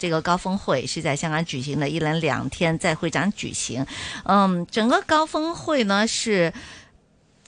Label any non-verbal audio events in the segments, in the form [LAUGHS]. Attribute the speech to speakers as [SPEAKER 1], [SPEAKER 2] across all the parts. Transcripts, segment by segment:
[SPEAKER 1] 這個高峰會是在香港舉行的，一連兩天在會展舉行。嗯，整個高峰會呢是。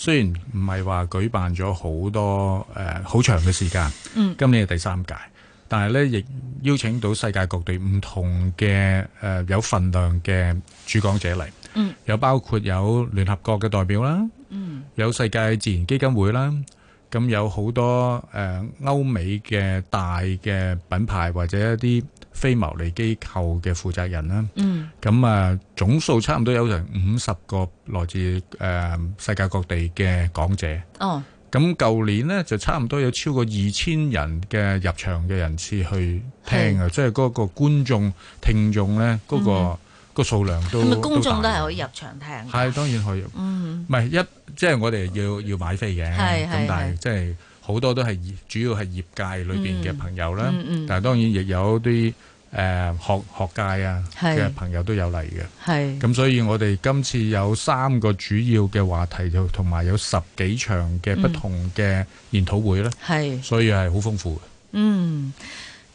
[SPEAKER 2] 雖然唔係話舉辦咗好多誒好、呃、長嘅時間，嗯、今年係第三屆，但係咧亦邀請到世界各地唔同嘅誒、呃、有份量嘅主講者嚟、嗯，有包括有聯合國嘅代表啦、嗯，有世界自然基金會啦，咁有好多誒、呃、歐美嘅大嘅品牌或者一啲，非牟利機構嘅負責人啦，咁、嗯、啊總數差唔多有成五十個來自誒、呃、世界各地嘅講者。哦，咁舊年呢，就差唔多有超過二千人嘅入場嘅人次去聽啊，即係嗰個觀眾聽眾咧，嗰、那個、嗯、那個數量都咁，咪公眾都
[SPEAKER 1] 係可以入場聽的？係
[SPEAKER 2] 當然可以，唔、嗯、
[SPEAKER 3] 係
[SPEAKER 2] 一即係我哋要要買飛嘅，咁、嗯、但係即係。好多都係業，主要係業界裏邊嘅朋友啦。嗯嗯嗯、但係當然亦有啲誒、呃、學學界啊嘅朋友都有嚟嘅。係咁，所以我哋今次有三個主要嘅話題就，就同埋有十幾場嘅不同嘅研討會啦，係、嗯，所以係好豐富嘅。嗯，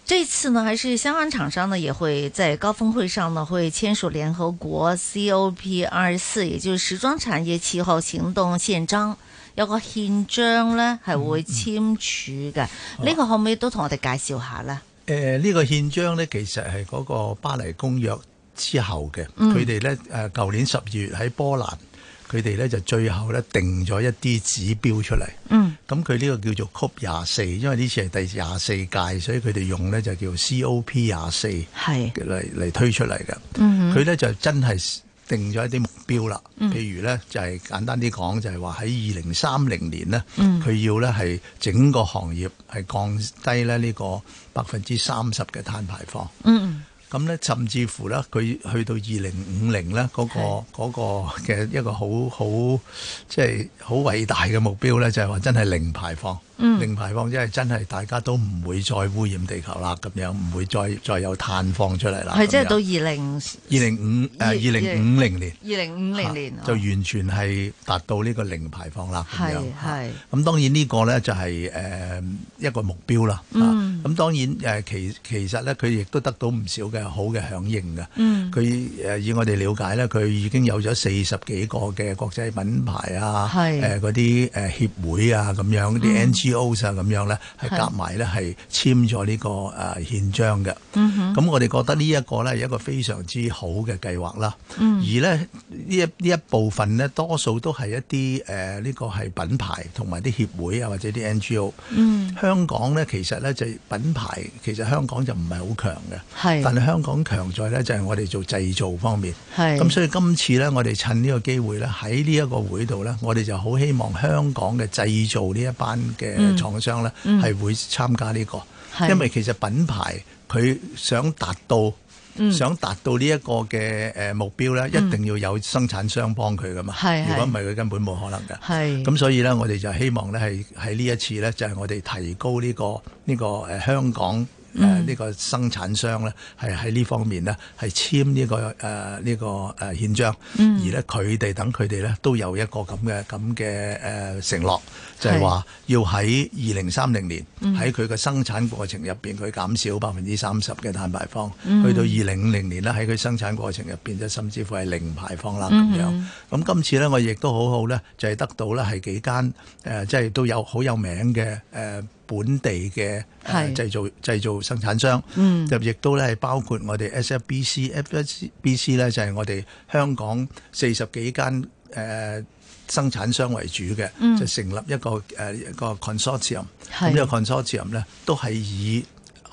[SPEAKER 1] 這次呢，還是相關廠商呢，也會在高峰會上呢，會簽署聯合國 COP 二十四，也就是時裝產業氣候行動憲章。有個憲章咧係會簽署嘅，呢、嗯嗯這個可唔可以都同我哋介紹下咧？
[SPEAKER 4] 誒、啊，呢、呃這個憲章咧其實係嗰個巴黎公約之後嘅，佢哋咧誒舊年十二月喺波蘭，佢哋咧就最後咧定咗一啲指標出嚟。嗯，咁佢呢個叫做 COP 廿四，因為呢次係第廿四屆，所以佢哋用咧就叫 COP 廿四，係嚟嚟推出嚟嘅。佢、嗯、咧就真係，定咗一啲目標啦，譬如咧就係簡單啲講，就係話喺二零三零年咧，佢要咧係整個行業係降低咧呢個百分之三十嘅碳排放。咁咧，甚至乎咧，佢去到二零五零咧，嗰個嘅一個好好即係好偉大嘅目標咧，就係話真係零排放。嗯、零排放即係真係大家都唔會再污染地球啦，咁樣唔會再再有碳放出嚟啦。係即係到二
[SPEAKER 1] 零二
[SPEAKER 4] 零五誒二零五零年二零五零年就完全係達到呢個零排放啦。係係咁，當然呢個咧就係、是、誒、呃、一個目標啦。咁當然誒其其實咧，佢亦都得到唔少嘅好嘅響應嘅。嗯。佢誒、呃嗯呃、以我哋了解咧，佢已經有咗四十幾個嘅國際品牌啊，係誒嗰啲誒協會啊咁樣嗰啲 NG。NGO 上咁樣呢係夾埋呢係簽咗呢個誒憲章嘅。咁、
[SPEAKER 3] mm -hmm.
[SPEAKER 4] 我哋覺得呢一個呢，係一個非常之好嘅計劃啦。Mm -hmm. 而咧呢一呢一部分呢，多數都係一啲誒呢個係品牌同埋啲協會啊，或者啲 N G O。Mm -hmm. 香港呢，其實呢就品牌其實香港就唔係好強嘅。Mm -hmm. 但係香港強在呢，就係我哋做製造方面。係。咁所以今次呢，我哋趁呢個機會呢，喺呢一個會度呢，我哋就好希望香港嘅製造呢一班嘅。誒、嗯、廠、嗯、商咧係會參加呢、呢個，因為其實品牌佢想達到，嗯、想達到呢一個嘅誒目標咧、嗯，一定要有生產商幫佢噶嘛。如果唔係，佢根本冇可能嘅。咁所以咧，我哋就希望咧係喺呢一次咧，就係我哋提高呢、呢個呢、呢個誒香港。誒、嗯、呢、呃呢個生產商咧，係喺呢方面咧，係簽呢、這個誒呢、呃這個誒憲章，嗯、而咧佢哋等佢哋咧，都有一個咁嘅咁嘅誒承諾，就係、是、話要喺二零三零年喺佢嘅生產過程入面，佢減少百分之三十嘅碳排放，嗯、去到二零五零年咧，喺佢生產過程入邊咧，甚至乎係零排放啦咁、嗯、樣。咁今次咧，我亦都好好咧，就係、是、得到咧，係幾間誒，即、呃、係、就是、都有好有名嘅誒。呃本地嘅製造製造生產商，就亦都咧係包括我哋 SFBC、FBC、BC 咧，就係我哋香港四十幾間誒生產商為主嘅、嗯，就成立一個誒一個 consortium。咁呢個 consortium 咧，都係以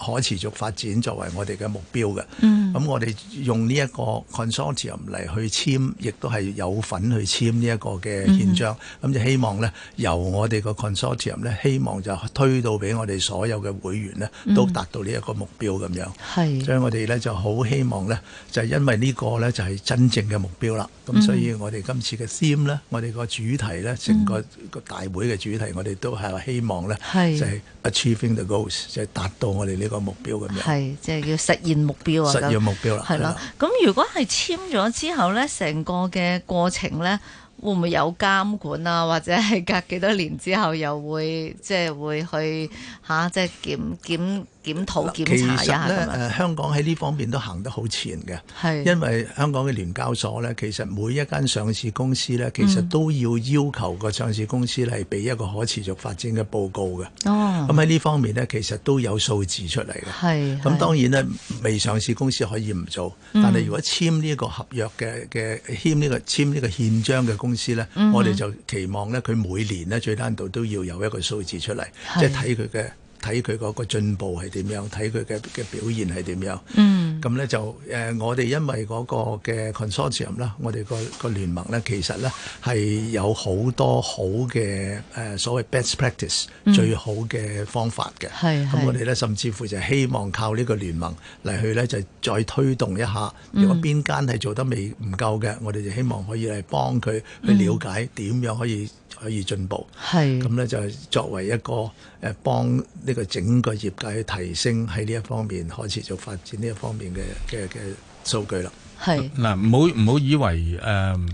[SPEAKER 4] 可持續發展作為我哋嘅目標嘅，嗯，咁我哋用呢一個 consortium 嚟去簽，亦都係有份去簽呢一個嘅憲章，咁、嗯、就希望咧，由我哋個 consortium 咧，希望就推到俾我哋所有嘅會員咧，都達到呢一個目標咁樣，係、嗯，所以我哋咧就好希望咧，就係因為個呢個咧就係、是、真正嘅目標啦。咁、嗯、所以我哋今次嘅 theme 咧，我哋個主題咧，成個個大會嘅主題、嗯、我哋都係話希望咧，係就係、是、achieving the goals，就係達到我哋呢。個目標咁樣，係
[SPEAKER 1] 即係要實現目標啊！實現目標啦，係啦。咁如果係簽咗之後咧，成個嘅過程咧。會唔會有監管啊？或者係隔幾多年之後又會即係會去吓、啊、即係檢檢檢討檢查一下咧，
[SPEAKER 4] 誒香港喺呢方面都行得好前嘅。係，因為香港嘅聯交所咧，其實每一間上市公司咧，其實都要要求個上市公司咧，係俾一個可持續發展嘅報告嘅。哦，咁喺呢方面咧，其實都有數字出嚟嘅。
[SPEAKER 3] 係，咁當
[SPEAKER 4] 然咧，未上市公司可以唔做，嗯、但係如果簽呢一個合約嘅嘅簽呢個簽呢、呢個、個憲章嘅公司，公司咧，我哋就期望咧，佢每年咧，最低限度都要有一個數字出嚟，即係睇佢嘅。就是睇佢嗰個進步係點樣，睇佢嘅嘅表現係點樣。嗯，咁咧就誒，我哋因為嗰個嘅 consortium 啦，我哋個個聯盟咧，其實咧係有好多好嘅誒，所謂 best practice 最好嘅方法嘅。係，咁我哋咧甚至乎就希望靠呢個聯盟嚟去咧，就再推動一下。如果邊間係做得未唔夠嘅，我哋就希望可以嚟幫佢去了解點樣可以。可以進步，係咁咧就作為一個誒幫呢個整個業界去提升喺呢一方面開始做發展呢一方面嘅嘅嘅數據啦。
[SPEAKER 2] 係嗱，唔好唔好以為誒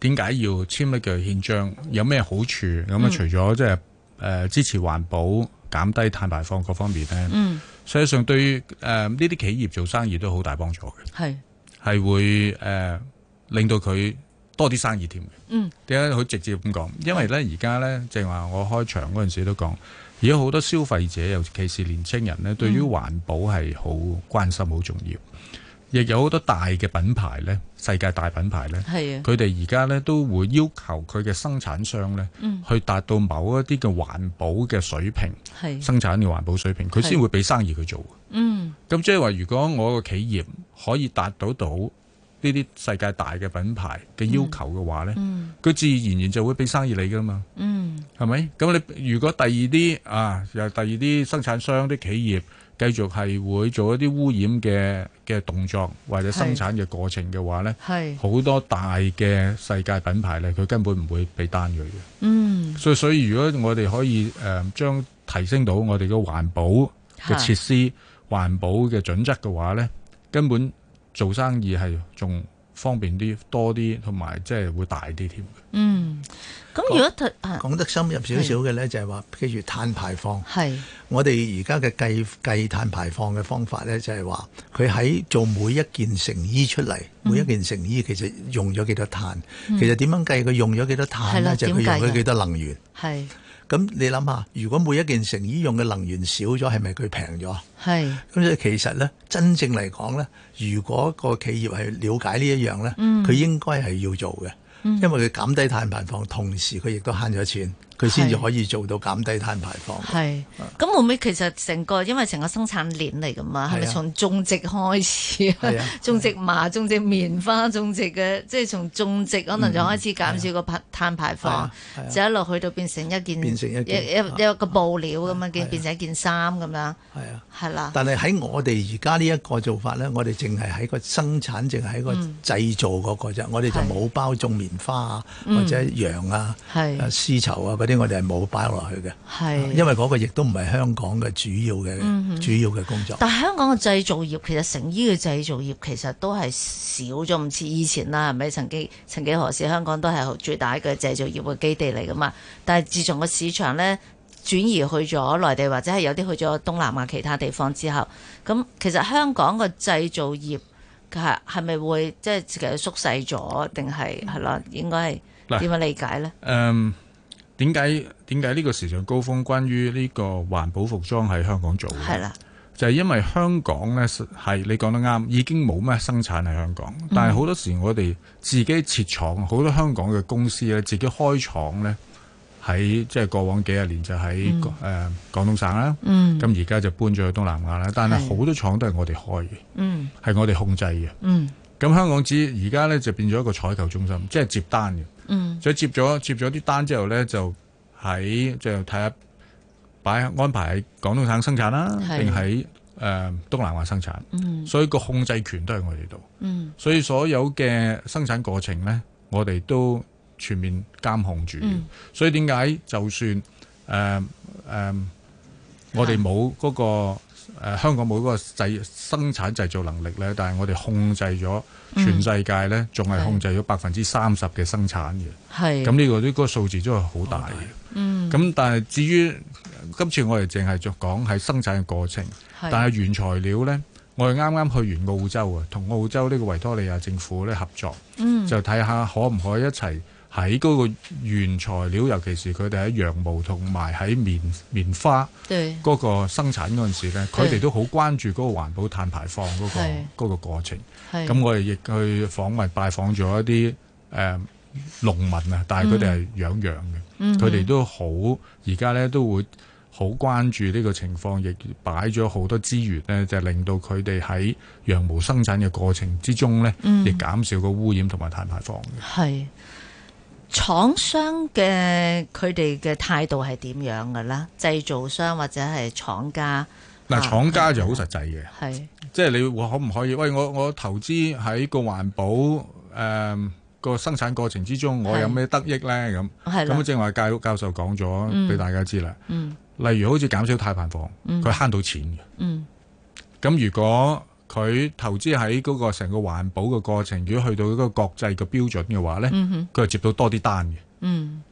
[SPEAKER 2] 點解要簽呢個憲章有咩好處？咁、嗯、啊，除咗即係誒支持環保、減低碳排放各方面咧，嗯，實際上對於誒呢啲企業做生意都好大幫助嘅，係係會誒、呃、令到佢。多啲生意添，點解好直接咁講、嗯？因為咧，而家咧，即係話我開場嗰陣時都講，而家好多消費者，尤其是年青人咧、嗯，對於環保係好關心、好重要。亦有好多大嘅品牌咧，世界大品牌咧，佢哋而家咧都會要求佢嘅生產商咧、嗯，去達到某一啲嘅環保嘅水平，生產嘅環保水平，佢先會俾生意去做。嗯，咁即係話，如果我個企業可以達到到。呢啲世界大嘅品牌嘅要求嘅話咧，佢、嗯嗯、自然然就會俾生意你噶啦嘛，嗯，係咪？咁你如果第二啲啊，又第二啲生產商啲企業繼續係會做一啲污染嘅嘅動作或者生產嘅過程嘅話咧，係好多大嘅世界品牌咧，佢根本唔會俾單佢嘅。嗯，所以所以，如果我哋可以誒將、呃、提升到我哋個環保嘅設施、環保嘅準則嘅話咧，根本。做生意係仲方便啲多啲，同埋即係會大啲添。嗯，咁、
[SPEAKER 4] 嗯、如果佢講得深入少少嘅咧，就係話跟住碳排放係。我哋而家嘅計計碳排放嘅方法咧，就係話佢喺做每一件成衣出嚟、嗯，每一件成衣其實用咗幾多碳、嗯。其實點樣計佢用咗幾多碳咧？就佢、是、用咗幾多能源。係。咁你諗下，如果每一件成衣用嘅能源少咗，係咪佢平咗？係。咁所以其實咧，真正嚟講咧，如果個企業係了解一呢一樣咧，佢、嗯、應該係要做嘅，因為佢減低碳排放，同時佢亦都慳咗錢。佢先至可以做到減低碳排放。係，
[SPEAKER 1] 咁會唔會其實成個因為成個生產鏈嚟㗎嘛？係咪從種植開始？是啊是啊，種植麻、種植棉花、種植嘅、啊，即係從種植可能就開始減少個碳排放，是啊是啊，就一路去到變成一件是啊是啊是啊是啊一一,一,一,一個布料咁樣，變成一件衫咁樣。係啊，係啦。但
[SPEAKER 4] 係喺我哋而家呢一個做法咧，我哋淨係喺個生產，淨係喺個製造嗰個啫。嗯、我哋就冇包種棉花是啊，啊啊、或者羊啊，啊絲綢啊啲我哋係冇擺落去嘅。
[SPEAKER 1] 係
[SPEAKER 3] 因
[SPEAKER 4] 為嗰個亦都唔係香港嘅主要嘅，嗯、主要嘅工作。但
[SPEAKER 1] 係香港嘅製造業，其實成衣嘅製造業其實都係少咗唔似以前啦，係咪？曾經曾幾何時香港都係最大嘅製造業嘅基地嚟㗎嘛？但係自從個市場咧轉移去咗內地，或者係有啲去咗東南亞其他地方之後，咁其實香港嘅製造業係係咪會即係其實縮細咗，定係係啦？應該係點樣理解咧？
[SPEAKER 2] 誒。Um, 點解點解呢個時尚高峰關於呢個環保服裝喺香港做嘅？係啦，就係、是、因為香港呢，係你講得啱，已經冇咩生產喺香港。但係好多時我哋自己設廠，好多香港嘅公司咧自己開廠呢，喺即係過往幾十年就喺誒、嗯呃、廣東省啦。嗯，咁而家就搬咗去東南亞啦。但係好多廠都係我哋開嘅，嗯，係我哋控制嘅，嗯。咁香港指而家咧就變咗一個採購中心，即、就、係、是、接單嘅。嗯，所以接咗接咗啲單之後咧，就喺就睇下擺安排喺廣東省生產啦，定喺誒東南亞生產。嗯、所以個控制權都喺我哋度。嗯，所以所有嘅生產過程咧，我哋都全面監控住、嗯。所以點解就算誒誒、呃呃，我哋冇嗰個。呃、香港冇個個生產製造能力咧，但係我哋控制咗全世界咧，仲、嗯、係控制咗百分之三十嘅生產嘅。咁呢、呢個呢、呢個數字都係好大嘅、哦。嗯，咁但係至於今次我哋淨係就講係生產嘅過程，但係原材料咧，我哋啱啱去完澳洲啊，同澳洲呢個維多利亞政府咧合作，嗯、就睇下可唔可以一齊。喺嗰個原材料，尤其是佢哋喺羊毛同埋喺棉棉花嗰個生產嗰陣時咧，佢哋都好關注嗰個環保碳排放嗰、嗰個嗰、嗰個過程。咁我哋亦去訪問拜訪咗一啲誒、呃、農民啊，但係佢哋係養羊嘅，佢、嗯、哋都好而家咧都會好關注呢個情況，亦擺咗好多資源咧，就係、令到佢哋喺羊毛生產嘅過程之中咧，亦、嗯、減少個污染同埋碳排放嘅。係。
[SPEAKER 1] 廠商嘅佢哋嘅態度係點樣嘅咧？製造商或者係廠家，
[SPEAKER 2] 嗱，廠家就好實際嘅，係即係你話可唔可以？喂，我我投資喺個環保誒個、呃、生產過程之中，我有咩得益咧？咁咁正話，介屋教，教授講咗俾、嗯、大家知啦、嗯。例如好似減少太頻房，佢、嗯、慳到錢嘅。咁、嗯、如果佢投資喺嗰個成個環保嘅過程，如果去到嗰個國際嘅標準嘅話呢，佢、mm -hmm. 就接到多啲單嘅。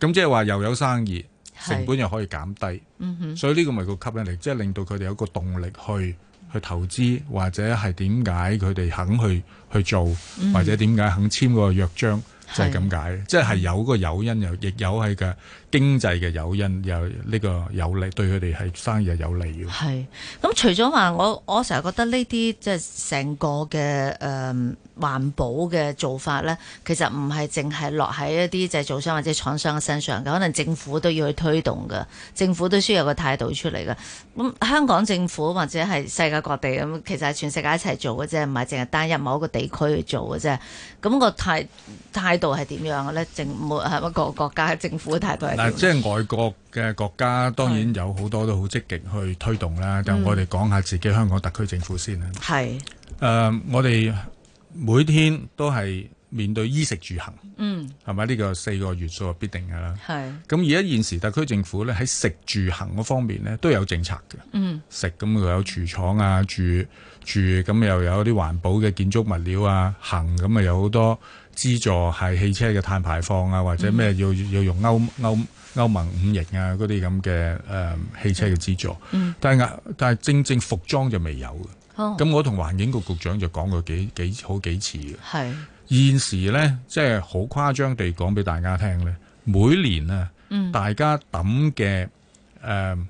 [SPEAKER 2] 咁即係話又有生意，成本又可以減低。Mm
[SPEAKER 3] -hmm. 所
[SPEAKER 2] 以呢個咪個吸引力，即係令到佢哋有個動力去去投資，或者係點解佢哋肯去去做，或者點解肯簽嗰個約章，就係咁解。即、mm、係 -hmm. 有個誘因，又亦有係嘅。經濟嘅誘因，有呢個有利，對佢哋係生意係有利嘅。係
[SPEAKER 1] 咁，除咗話我我成日覺得呢啲即係成個嘅誒、嗯、環保嘅做法咧，其實唔係淨係落喺一啲製造商或者廠商嘅身上嘅，可能政府都要去推動嘅，政府都需要有個態度出嚟嘅。咁香港政府或者係世界各地咁，其實係全世界一齊做嘅啫，唔係淨係單一某一個地區去做嘅啫。咁、那個態態度係點樣嘅咧？政每一個國家嘅政府嘅態度係。 [LAUGHS] 呃、即係
[SPEAKER 2] 外國嘅國家，當然有好多都好積極去推動啦。咁我哋講下自己香港特區政府先啦。係、呃。我哋每天都係面對衣食住行。嗯。係咪呢個四個元素係必定㗎啦？係。咁而家現時特區政府咧，喺食住行嗰方面咧，都有政策嘅。嗯。食咁又有廚廠啊，住住咁又有啲環保嘅建築物料啊，行咁啊有好多。資助係汽車嘅碳排放啊，或者咩要要用歐、嗯、歐歐、歐盟五型啊嗰啲咁嘅誒汽車嘅資助，嗯嗯、但係但係正正服裝就未有嘅。咁、哦、我同環境局局長就講過幾幾、幾好幾次嘅。係現時咧，即係好誇張地講俾大家聽咧，每年啊，嗯、大家抌嘅誒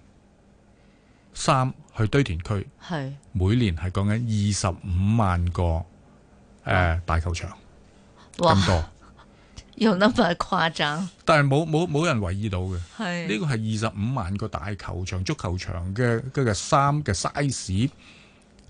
[SPEAKER 2] 衫去堆填區，係每年係講緊二十五萬個誒、呃哦、大球場。咁多，
[SPEAKER 1] 有那麼誇張？
[SPEAKER 2] 但係冇冇冇人留意到嘅？係呢個係二十五萬個大球場、足球場嘅佢，那個，三嘅 size，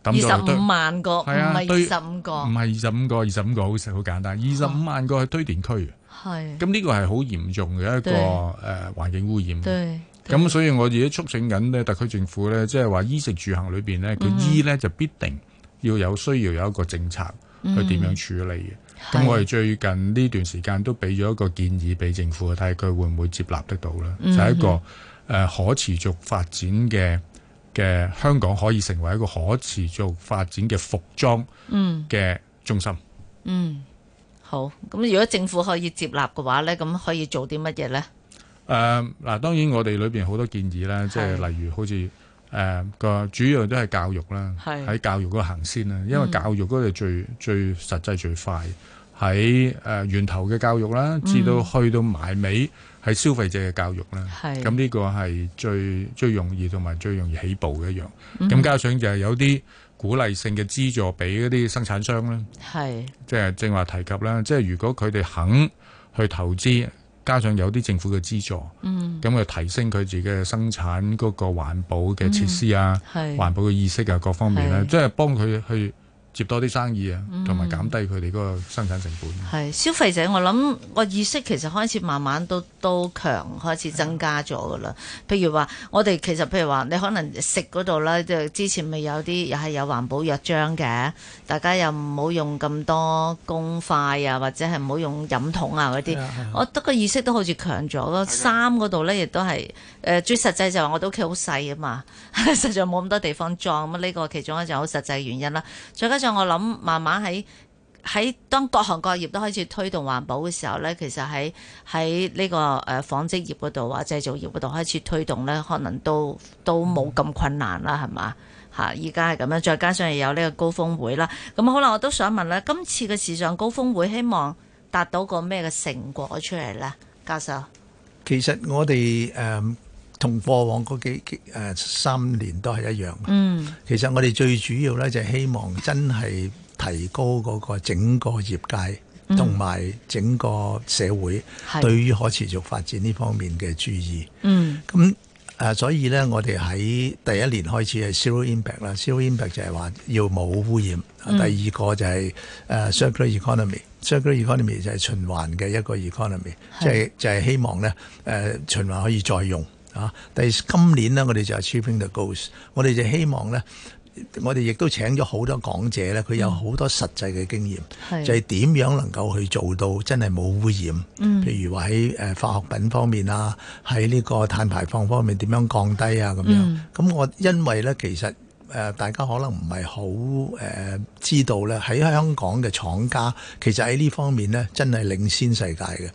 [SPEAKER 2] 咁二十五
[SPEAKER 1] 萬個係啊，對，
[SPEAKER 2] 二十五個唔係二十五個，二十五個好食好簡單。二十五萬個係堆填區，係咁呢個係好嚴重嘅一個誒環、呃、境污染。對，咁所以我自己促請緊呢特區政府咧，即係話衣食住行裏邊咧，佢衣咧就必定要有需要有一個政策，嗯、
[SPEAKER 4] 去點樣
[SPEAKER 2] 處理嘅。咁我哋最近呢段時間都俾咗一個建議俾政府，睇佢會唔會接納得到咧、嗯？就係、一個誒、呃、可持續發展嘅嘅香港可以成為一個可持續發展嘅服裝嘅中心。嗯，
[SPEAKER 1] 嗯好。咁如果政府可以接納嘅話咧，咁可以做啲乜嘢咧？
[SPEAKER 2] 誒、呃、嗱，當然我哋裏邊好多建議啦，即、就、係、係、例如好似。誒、呃、個主要都係教育啦，喺教育嗰行先啦，因為教育嗰度最、嗯、最，最實際最快，喺誒源頭嘅教育啦，至、嗯、到去到埋尾，係消費者嘅教育啦，咁、嗯、呢個係最最容易同埋最容易起步嘅一樣。咁、嗯、加上就係有啲鼓勵性嘅資助俾嗰啲生產商啦，即係正話提及啦，即、就、係、是、如果佢哋肯去投資。加上有啲政府嘅資助，嗯、
[SPEAKER 3] 咁
[SPEAKER 2] 去提升佢自己嘅生產嗰個環保嘅設施啊，嗯、係環保嘅意識啊，各方面咧，即係幫佢去。接多啲生意啊，同埋減低佢哋嗰個生產成本。
[SPEAKER 1] 係消費者，我諗個意識其實開始慢慢都都強，開始增加咗㗎啦。譬如話，我哋其實譬如話，你可能食嗰度啦，就之前咪有啲又係有環保約章嘅，大家又唔好用咁多公筷啊，或者係唔好用飲桶啊嗰啲。我得個意識都好似強咗囉。衫嗰度咧，亦都係誒最實際就話我屋企好細啊嘛，實在冇咁多地方裝咁，呢個其中一就好實際原因啦，再加上我諗慢慢喺喺當各行各業都開始推動環保嘅時候呢，其實喺喺呢個誒紡織業嗰度啊，製造業嗰度開始推動呢，可能都都冇咁困難啦，係嘛吓？依家係咁樣，再加上又有呢個高峰會啦，咁可能我都想問咧，今次嘅時尚高峰會希望達到個咩嘅成果出嚟呢？教授，
[SPEAKER 4] 其實我哋誒。Um 同過往嗰幾、啊、三年都係一樣的。嗯，其實我哋最主要咧就係、是、希望真係提高嗰個整個業界同埋、嗯、整個社會對於可持續發展呢方面嘅注意。嗯，咁、啊、所以咧，我哋喺第一年開始係 zero impact 啦。zero impact 就係話要冇污染、嗯。第二個就係誒 circular economy、嗯。circular economy 就係循環嘅一個 economy，即係就係、是就是、希望咧誒、呃、循環可以再用。啊！第今年呢，我哋就係 chasing the goals，我哋就希望呢，我哋亦都請咗好多講者呢，佢有好多實際嘅經驗，就係點樣能夠去做到真係冇污染。嗯，譬如話喺誒化學品方面啊，喺呢個碳排放方面點樣降低啊咁樣。咁我因為呢，其實。誒、呃，大家可能唔係好誒知道咧，喺香港嘅廠家其實喺呢方面咧，真係領先世界嘅，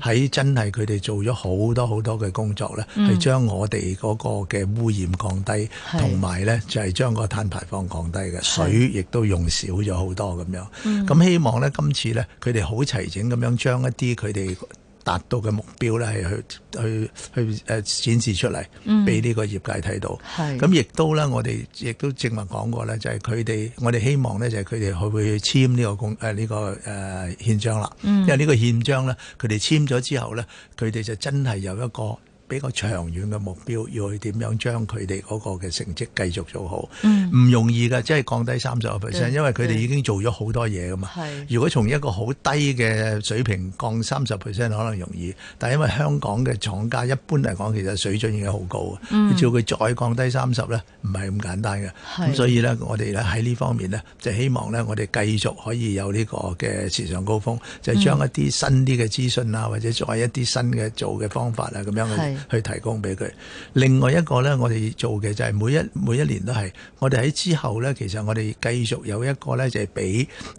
[SPEAKER 4] 喺、嗯、真係佢哋做咗好多好多嘅工作咧，係、嗯、將我哋嗰個嘅污染降低，同埋咧就係、是、將個碳排放降低嘅，水亦都用少咗好多咁樣。咁、嗯、希望咧今次咧，佢哋好齊整咁樣將一啲佢哋。達到嘅目標咧，係去去去誒展示出嚟，俾呢個業界睇到。咁、嗯、亦都咧，我哋亦都正話講過咧，就係佢哋，我哋希望咧，就係佢哋會會簽呢個共誒呢個誒憲、呃、章啦、嗯。因為呢個憲章咧，佢哋簽咗之後咧，佢哋就真係有一個。比較長遠嘅目標，要去點樣將佢哋嗰個嘅成績繼續做好，唔、嗯、容易㗎。即係降低三十個 percent，因為佢哋已經做咗好多嘢㗎嘛。如果從一個好低嘅水平降三十 percent，可能容易。但係因為香港嘅廠家一般嚟講，其實水準已經好高，嗯、叫佢再降低三十呢，唔係咁簡單㗎。咁所以呢，我哋咧喺呢方面呢，就希望呢，我哋繼續可以有呢個嘅時尚高峰，就是、將一啲新啲嘅資訊啊、嗯，或者再一啲新嘅做嘅方法啊，咁樣。去提供俾佢。另外一個呢，我哋做嘅就係每一每一年都係，我哋喺之後呢，其實我哋繼續有一個呢，就係、是、俾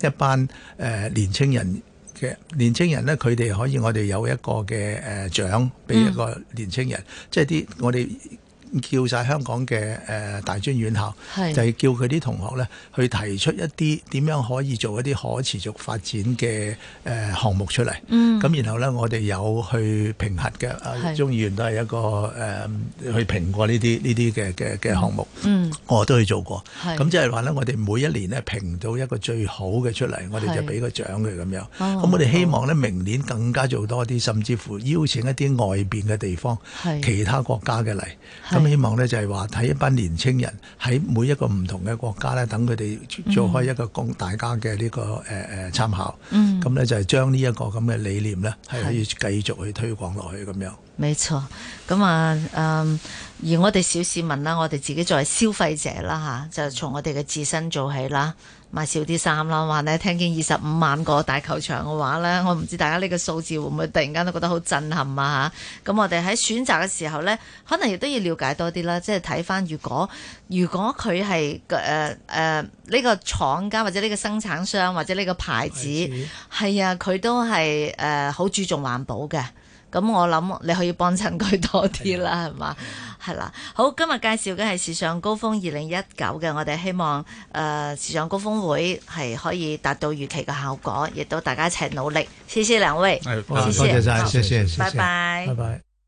[SPEAKER 4] 一班誒、呃、年青人嘅年青人呢，佢哋可以我哋有一個嘅誒獎俾一個年青人，嗯、即係啲我哋。叫晒香港嘅誒、呃、大專院校，是就係、是、叫佢啲同學咧去提出一啲點樣可以做一啲可持續發展嘅誒、呃、項目出嚟。咁、嗯、然後咧，我哋有去評核嘅、啊、中議員都係一個誒、呃、去評過呢啲呢啲嘅嘅嘅項目。我、嗯哦、都去做過。咁即係話咧，我哋每一年咧評到一個最好嘅出嚟，我哋就俾個獎佢咁樣。咁我哋希望咧，明年更加做多啲，甚至乎邀請一啲外邊嘅地方、其他國家嘅嚟。希望咧就係話睇一班年青人喺每一個唔同嘅國家咧，等佢哋做開一個供大家嘅呢個誒誒參考。咁、嗯、咧就係將呢一個咁嘅理念咧，係可以繼續去推廣落去咁樣。
[SPEAKER 1] 沒錯，咁啊誒。Uh, 而我哋小市民啦，我哋自己作為消費者啦嚇，就從我哋嘅自身做起啦，買少啲衫啦。話呢，聽見二十五萬個大球場嘅話呢，我唔知大家呢個數字會唔會突然間都覺得好震撼啊嚇。咁我哋喺選擇嘅時候呢，可能亦都要了解多啲啦，即係睇翻如果如果佢係誒誒呢個廠家或者呢個生產商或者呢個牌子係啊，佢都係誒好注重環保嘅。咁我諗你可以幫襯佢多啲啦，係嘛，係啦。好，今日介紹嘅係時尚高峰二零一九嘅，我哋希望誒、呃、時尚高峰會係可以達到預期嘅效果，亦都大家一齊努力。謝謝兩位、
[SPEAKER 3] 哎，多謝晒，謝謝，拜拜，拜拜。Bye bye bye bye